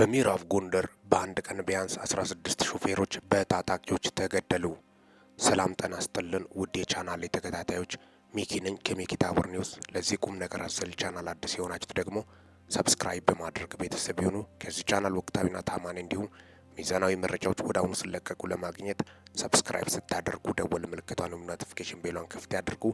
በምዕራብ ጎንደር በአንድ ቀን ቢያንስ 16 ሾፌሮች በታጣቂዎች ተገደሉ። ሰላም ጤና ይስጥልን ውድ የቻናል ተከታታዮች ሚኪ ነኝ ከሚኪ ታቦር ኒውስ። ለዚህ ቁም ነገር አዘል ቻናል አዲስ የሆናችሁ ደግሞ ሰብስክራይብ በማድረግ ቤተሰብ ይሁኑ። ከዚህ ቻናል ወቅታዊና ታማኝ እንዲሁም ሚዛናዊ መረጃዎች ወደ አሁኑ ሲለቀቁ ለማግኘት ሰብስክራይብ ስታደርጉ ደወል ምልክቷን ኖቲፊኬሽን ቤሏን ክፍት ያድርጉ።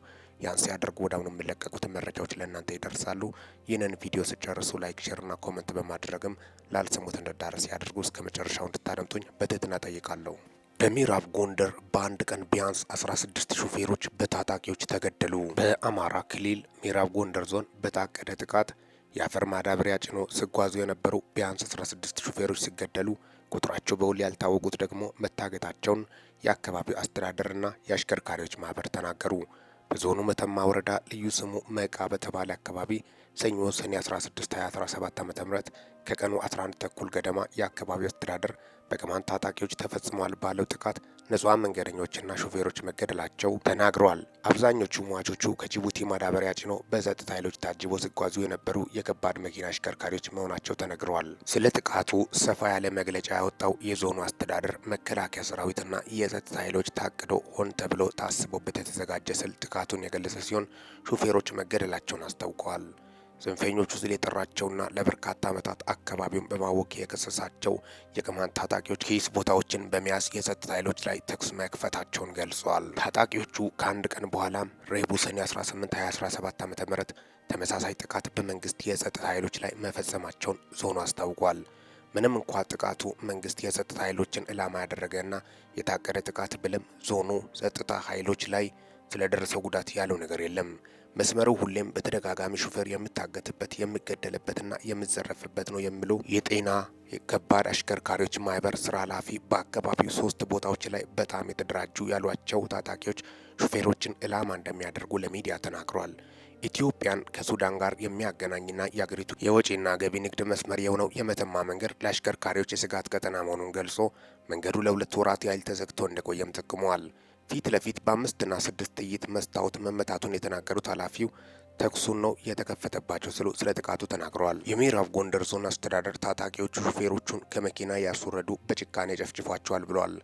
ያን ሲያደርጉ ወደ አሁኑ የሚለቀቁት መረጃዎች ለእናንተ ይደርሳሉ። ይህንን ቪዲዮ ስጨርሱ ላይክ፣ ና ኮመንት በማድረግም ላልሰሙት እንድዳረስ ያድርጉ። እስከ መጨረሻው እንድታደምጡኝ በትህትና ጠይቃለሁ። በምዕራብ ጎንደር በአንድ ቀን ቢያንስ 16 ሹፌሮች በታጣቂዎች ተገደሉ። በአማራ ክልል ምዕራብ ጎንደር ዞን በታቀደ ጥቃት የአፈር ማዳበሪያ ጭኖ ሲጓዙ የነበሩ ቢያንስ 16 ሹፌሮች ሲገደሉ ቁጥራቸው በውል ያልታወቁት ደግሞ መታገታቸውን የአካባቢው አስተዳደርና የአሽከርካሪዎች ማህበር ተናገሩ። በዞኑ መተማ ወረዳ ልዩ ስሙ መቃ በተባለ አካባቢ ሰኞ ሰኔ 16 2017 ዓ ም ከቀኑ 11 ተኩል ገደማ የአካባቢው አስተዳደር በቅማንት ታጣቂዎች ተፈጽሟል ባለው ጥቃት ንጹሐን መንገደኞችና ሾፌሮች መገደላቸው ተናግረዋል። አብዛኞቹ ሟቾቹ ከጅቡቲ ማዳበሪያ ጭኖ በጸጥታ ኃይሎች ታጅቦ ሲጓዙ የነበሩ የከባድ መኪና አሽከርካሪዎች መሆናቸው ተነግረዋል። ስለ ጥቃቱ ሰፋ ያለ መግለጫ ያወጣው የዞኑ አስተዳደር መከላከያ ሰራዊትና የጸጥታ ኃይሎች ታቅዶ ሆን ተብሎ ታስቦበት የተዘጋጀ ስል ጥቃቱን የገለጸ ሲሆን ሾፌሮች መገደላቸውን አስታውቀዋል። ጽንፈኞቹ ሲል የጠራቸውና ለበርካታ ዓመታት አካባቢውን በማወክ የከሰሳቸው የቅማንት ታጣቂዎች ኪስ ቦታዎችን በመያዝ የጸጥታ ኃይሎች ላይ ተኩስ መክፈታቸውን ገልጸዋል። ታጣቂዎቹ ከአንድ ቀን በኋላ ረቡዕ ሰኔ 18 2017 ዓ ም ተመሳሳይ ጥቃት በመንግስት የጸጥታ ኃይሎች ላይ መፈጸማቸውን ዞኑ አስታውቋል። ምንም እንኳ ጥቃቱ መንግስት የጸጥታ ኃይሎችን ዕላማ ያደረገና የታቀደ ጥቃት ብልም ዞኑ ጸጥታ ኃይሎች ላይ ስለደረሰው ጉዳት ያለው ነገር የለም። መስመሩ ሁሌም በተደጋጋሚ ሹፌር የምታገትበት የምገደልበትና የምዘረፍበት ነው የሚሉ የጤና ከባድ አሽከርካሪዎች ማህበር ስራ ኃላፊ በአካባቢው ሶስት ቦታዎች ላይ በጣም የተደራጁ ያሏቸው ታጣቂዎች ሹፌሮችን ዕላማ እንደሚያደርጉ ለሚዲያ ተናግሯል። ኢትዮጵያን ከሱዳን ጋር የሚያገናኝና የአገሪቱ የወጪና ገቢ ንግድ መስመር የሆነው የመተማ መንገድ ለአሽከርካሪዎች የስጋት ቀጠና መሆኑን ገልጾ መንገዱ ለሁለት ወራት ያህል ተዘግቶ እንደቆየም ጠቅመዋል። ፊት ለፊት በአምስትና ስድስት ጥይት መስታወት መመታቱን የተናገሩት ኃላፊው ተኩሱን ነው የተከፈተባቸው ስሉ ስለ ጥቃቱ ተናግረዋል። የምዕራብ ጎንደር ዞን አስተዳደር ታጣቂዎቹ ሹፌሮቹን ከመኪና ያስወረዱ በጭካኔ ጨፍጭፏቸዋል ብለዋል።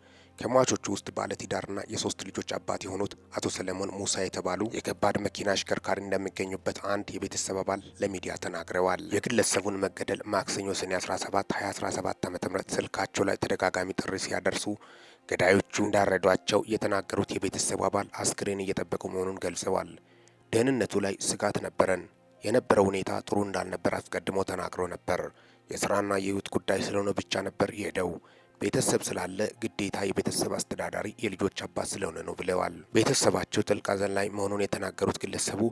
ከሟቾቹ ውስጥ ባለትዳርና የሶስት ልጆች አባት የሆኑት አቶ ሰለሞን ሙሳ የተባሉ የከባድ መኪና አሽከርካሪ እንደሚገኙበት አንድ የቤተሰብ አባል ለሚዲያ ተናግረዋል። የግለሰቡን መገደል ማክሰኞ ሰኔ 17 2017 ዓ ም ስልካቸው ላይ ተደጋጋሚ ጥሪ ሲያደርሱ ገዳዮቹ እንዳረዷቸው የተናገሩት የቤተሰቡ አባል አስክሬን እየጠበቁ መሆኑን ገልጸዋል። ደህንነቱ ላይ ስጋት ነበረን። የነበረው ሁኔታ ጥሩ እንዳልነበር አስቀድሞ ተናግሮ ነበር። የስራና የህይወት ጉዳይ ስለሆነ ብቻ ነበር የሄደው። ቤተሰብ ስላለ ግዴታ የቤተሰብ አስተዳዳሪ የልጆች አባት ስለሆነ ነው ብለዋል። ቤተሰባቸው ጥልቅ ሐዘን ላይ መሆኑን የተናገሩት ግለሰቡ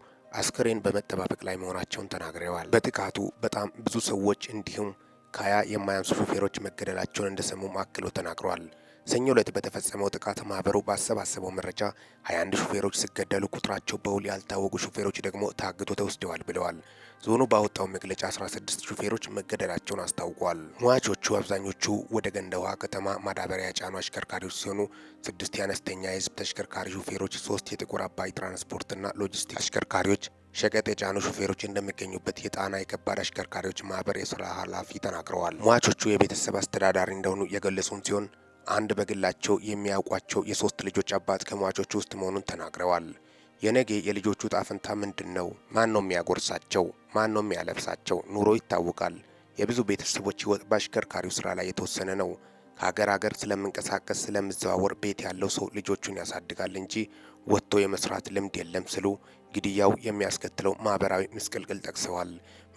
አስክሬን በመጠባበቅ ላይ መሆናቸውን ተናግረዋል። በጥቃቱ በጣም ብዙ ሰዎች እንዲሁም ከሀያ የማያንሱ ሹፌሮች መገደላቸውን እንደሰሙም አክሎ ተናግረዋል። ሰኞ ዕለት በተፈጸመው ጥቃት ማህበሩ ባሰባሰበው መረጃ 21 ሹፌሮች ሲገደሉ ቁጥራቸው በውል ያልታወቁ ሹፌሮች ደግሞ ታግቶ ተወስደዋል ብለዋል። ዞኑ ባወጣው መግለጫ 16 ሹፌሮች መገደላቸውን አስታውቋል። ሟቾቹ አብዛኞቹ ወደ ገንደ ውሃ ከተማ ማዳበሪያ የጫኑ አሽከርካሪዎች ሲሆኑ ስድስት የአነስተኛ የህዝብ ተሽከርካሪ ሹፌሮች፣ ሶስት የጥቁር አባይ ትራንስፖርትና ሎጂስቲክስ አሽከርካሪዎች፣ ሸቀጥ የጫኑ ሹፌሮች እንደሚገኙበት የጣና የከባድ አሽከርካሪዎች ማህበር የስራ ኃላፊ ተናግረዋል። ሟቾቹ የቤተሰብ አስተዳዳሪ እንደሆኑ የገለጹን ሲሆን አንድ በግላቸው የሚያውቋቸው የሶስት ልጆች አባት ከሟቾች ውስጥ መሆኑን ተናግረዋል። የነገ የልጆቹ ጣፍንታ ምንድን ነው? ማን ነው የሚያጎርሳቸው? ማን ነው የሚያለብሳቸው? ኑሮ ይታወቃል። የብዙ ቤተሰቦች ህይወት በአሽከርካሪው ስራ ላይ የተወሰነ ነው። ከሀገር ሀገር ስለምንቀሳቀስ ስለምዘዋወር ቤት ያለው ሰው ልጆቹን ያሳድጋል እንጂ ወጥቶ የመስራት ልምድ የለም ሲሉ ግድያው የሚያስከትለው ማህበራዊ ምስቅልቅል ጠቅሰዋል።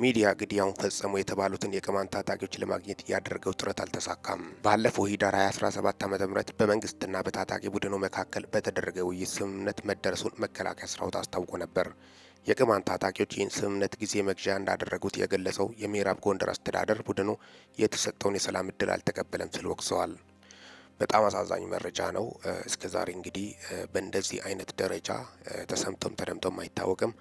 ሚዲያ ግድያውን ፈጸሙ የተባሉትን የቅማንት ታጣቂዎች ለማግኘት ያደረገው ጥረት አልተሳካም። ባለፈው ህዳር 2017 ዓ ም በመንግስትና በታጣቂ ቡድኑ መካከል በተደረገ ውይይት ስምምነት መደረሱን መከላከያ ሰራዊት አስታውቆ ነበር። የቅማንት ታጣቂዎች ይህን ስምምነት ጊዜ መግዣ እንዳደረጉት የገለጸው የምዕራብ ጎንደር አስተዳደር ቡድኑ የተሰጠውን የሰላም እድል አልተቀበለም ሲል ወቅሰዋል። በጣም አሳዛኝ መረጃ ነው። እስከዛሬ እንግዲህ በእንደዚህ አይነት ደረጃ ተሰምቶም ተደምቶም አይታወቅም።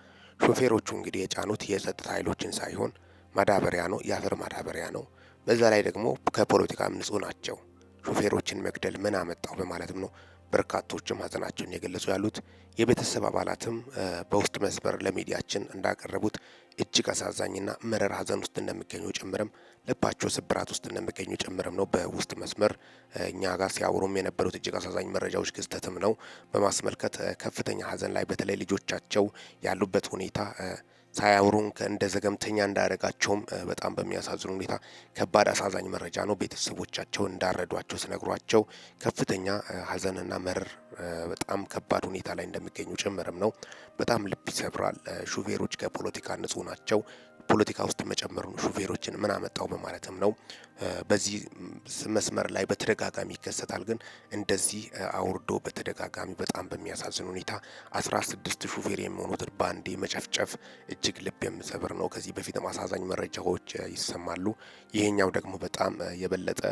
ሾፌሮቹ እንግዲህ የጫኑት የጸጥታ ኃይሎችን ሳይሆን ማዳበሪያ ነው፣ የአፈር ማዳበሪያ ነው። በዛ ላይ ደግሞ ከፖለቲካም ንጹህ ናቸው። ሾፌሮችን መግደል ምን አመጣው በማለትም ነው በርካቶችም ሀዘናቸውን እየገለጹ ያሉት የቤተሰብ አባላትም በውስጥ መስመር ለሚዲያችን እንዳቀረቡት እጅግ አሳዛኝና መረር ሀዘን ውስጥ እንደሚገኙ ጭምርም ልባቸው ስብራት ውስጥ እንደሚገኙ ጭምርም ነው። በውስጥ መስመር እኛ ጋር ሲያወሩም የነበሩት እጅግ አሳዛኝ መረጃዎች ክስተትም ነው በማስመልከት ከፍተኛ ሀዘን ላይ በተለይ ልጆቻቸው ያሉበት ሁኔታ ሳያወሩን እንደ ዘገምተኛ እንዳደረጋቸውም በጣም በሚያሳዝን ሁኔታ ከባድ አሳዛኝ መረጃ ነው። ቤተሰቦቻቸው እንዳረዷቸው ስነግሯቸው ከፍተኛ ሀዘንና መርር በጣም ከባድ ሁኔታ ላይ እንደሚገኙ ጭምርም ነው። በጣም ልብ ይሰብራል። ሹፌሮች ከፖለቲካ ንጹህ ናቸው። ፖለቲካ ውስጥ መጨመሩ ነው። ሹፌሮችን ምን አመጣው በማለትም ነው። በዚህ መስመር ላይ በተደጋጋሚ ይከሰታል። ግን እንደዚህ አውርዶ በተደጋጋሚ በጣም በሚያሳዝን ሁኔታ አስራ ስድስት ሹፌር የሚሆኑትን ባንዴ መጨፍጨፍ እጅግ ልብ የሚሰብር ነው። ከዚህ በፊት አሳዛኝ መረጃዎች ይሰማሉ። ይሄኛው ደግሞ በጣም የበለጠ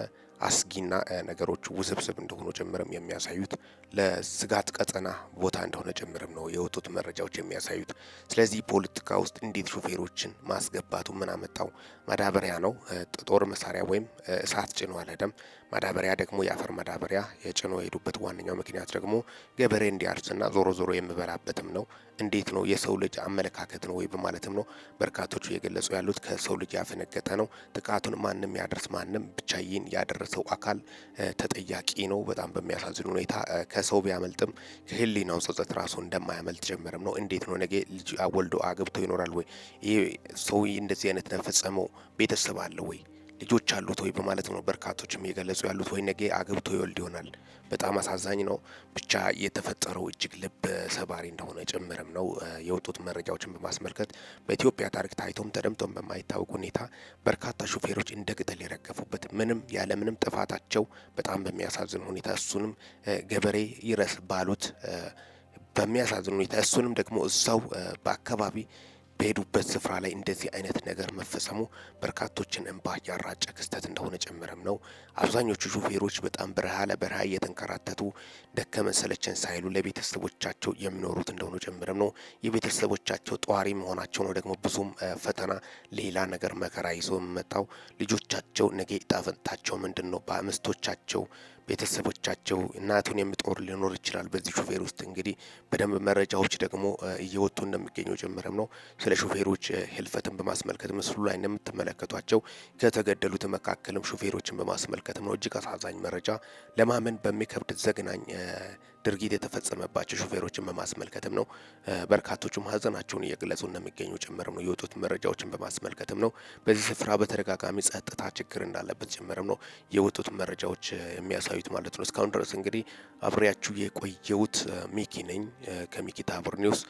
አስጊና ነገሮች ውስብስብ እንደሆኑ ጭምርም የሚያሳዩት ለስጋት ቀጠና ቦታ እንደሆነ ጭምርም ነው የወጡት መረጃዎች የሚያሳዩት። ስለዚህ ፖለቲካ ውስጥ እንዴት ሹፌሮችን ማስገባቱ ምን አመጣው? ማዳበሪያ ነው ጦር መሳሪያ ወይም እሳት ጭኖ አልሄደም። ማዳበሪያ ደግሞ የአፈር ማዳበሪያ የጭኖ የሄዱበት ዋነኛው ምክንያት ደግሞ ገበሬ እንዲያርስና ዞሮ ዞሮ የምበላበትም ነው። እንዴት ነው የሰው ልጅ አመለካከት ነው ወይ በማለትም ነው በርካቶቹ የገለጹ ያሉት። ከሰው ልጅ ያፈነገጠ ነው ጥቃቱን ማንም ያደርስ ማንም ብቻዬን ያደረ ያደረሰው አካል ተጠያቂ ነው። በጣም በሚያሳዝን ሁኔታ ከሰው ቢያመልጥም ከህሊናው ጸጸት ራሱ እንደማያመልጥ ጀመረም ነው። እንዴት ነው ነገ ልጅ ወልዶ አግብቶ ይኖራል ወይ? ይህ ሰው እንደዚህ አይነት ነው የፈጸመው ቤተሰብ አለ ወይ? ልጆች አሉት ወይ በማለት ነው በርካቶች እየገለጹ ያሉት። ወይ ነገ አግብቶ ይወልድ ይሆናል። በጣም አሳዛኝ ነው። ብቻ የተፈጠረው እጅግ ልብ ሰባሪ እንደሆነ ጭምርም ነው የወጡት መረጃዎችን በማስመልከት በኢትዮጵያ ታሪክ ታይቶም ተደምቶም በማይታወቅ ሁኔታ በርካታ ሹፌሮች እንደ ቅጠል የረገፉበት ምንም ያለምንም ጥፋታቸው በጣም በሚያሳዝን ሁኔታ እሱንም ገበሬ ይረስ ባሉት በሚያሳዝን ሁኔታ እሱንም ደግሞ እዛው በአካባቢ በሄዱበት ስፍራ ላይ እንደዚህ አይነት ነገር መፈጸሙ በርካቶችን እንባ ያራጨ ክስተት እንደሆነ ጭምርም ነው። አብዛኞቹ ሹፌሮች በጣም በረሃ ለበረሃ እየተንከራተቱ ደከመን ሰለቸን ሳይሉ ለቤተሰቦቻቸው የሚኖሩት እንደሆነ ጭምርም ነው። የቤተሰቦቻቸው ጠዋሪ መሆናቸው ነው ደግሞ ብዙም ፈተና፣ ሌላ ነገር መከራ ይዞ የሚመጣው ልጆቻቸው ነገ ዕጣ ፈንታቸው ምንድን ነው በአምስቶቻቸው ቤተሰቦቻቸው እናቱን የምጦር ሊኖር ይችላል። በዚህ ሹፌር ውስጥ እንግዲህ በደንብ መረጃዎች ደግሞ እየወጡ እንደሚገኘው ጀምረም ነው። ስለ ሹፌሮች ህልፈትን በማስመልከት ምስሉ ላይ እንደምትመለከቷቸው ከተገደሉት መካከልም ሹፌሮችን በማስመልከትም ነው። እጅግ አሳዛኝ መረጃ ለማመን በሚከብድ ዘግናኝ ድርጊት የተፈጸመባቸው ሹፌሮችን በማስመልከትም ነው። በርካቶቹም ሀዘናቸውን እየገለጹ እንደሚገኙ ጭምርም ነው የወጡት መረጃዎችን በማስመልከትም ነው። በዚህ ስፍራ በተደጋጋሚ ጸጥታ ችግር እንዳለበት ጭምርም ነው የወጡት መረጃዎች የሚያሳዩት ማለት ነው። እስካሁን ድረስ እንግዲህ አብሬያችሁ የቆየሁት ሚኪ ነኝ ከሚኪ ታቦር ኒውስ።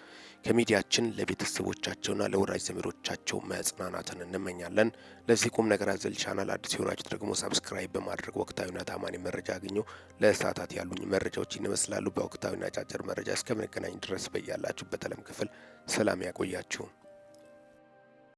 ከሚዲያችን ለቤተሰቦቻቸውና ለወዳጅ ዘመዶቻቸው መጽናናትን እንመኛለን። ለዚህ ቁም ነገር አዘል ቻናል አዲስ የሆናችሁ ደግሞ ሳብስክራይብ በማድረግ ወቅታዊና ታማኒ መረጃ አግኘው። ለሰዓታት ያሉኝ መረጃዎች ይመስላሉ። ባሉ በወቅታዊና አጫጭር መረጃ እስከምንገናኝ ድረስ በያላችሁ በተለም ክፍል ሰላም ያቆያችሁ።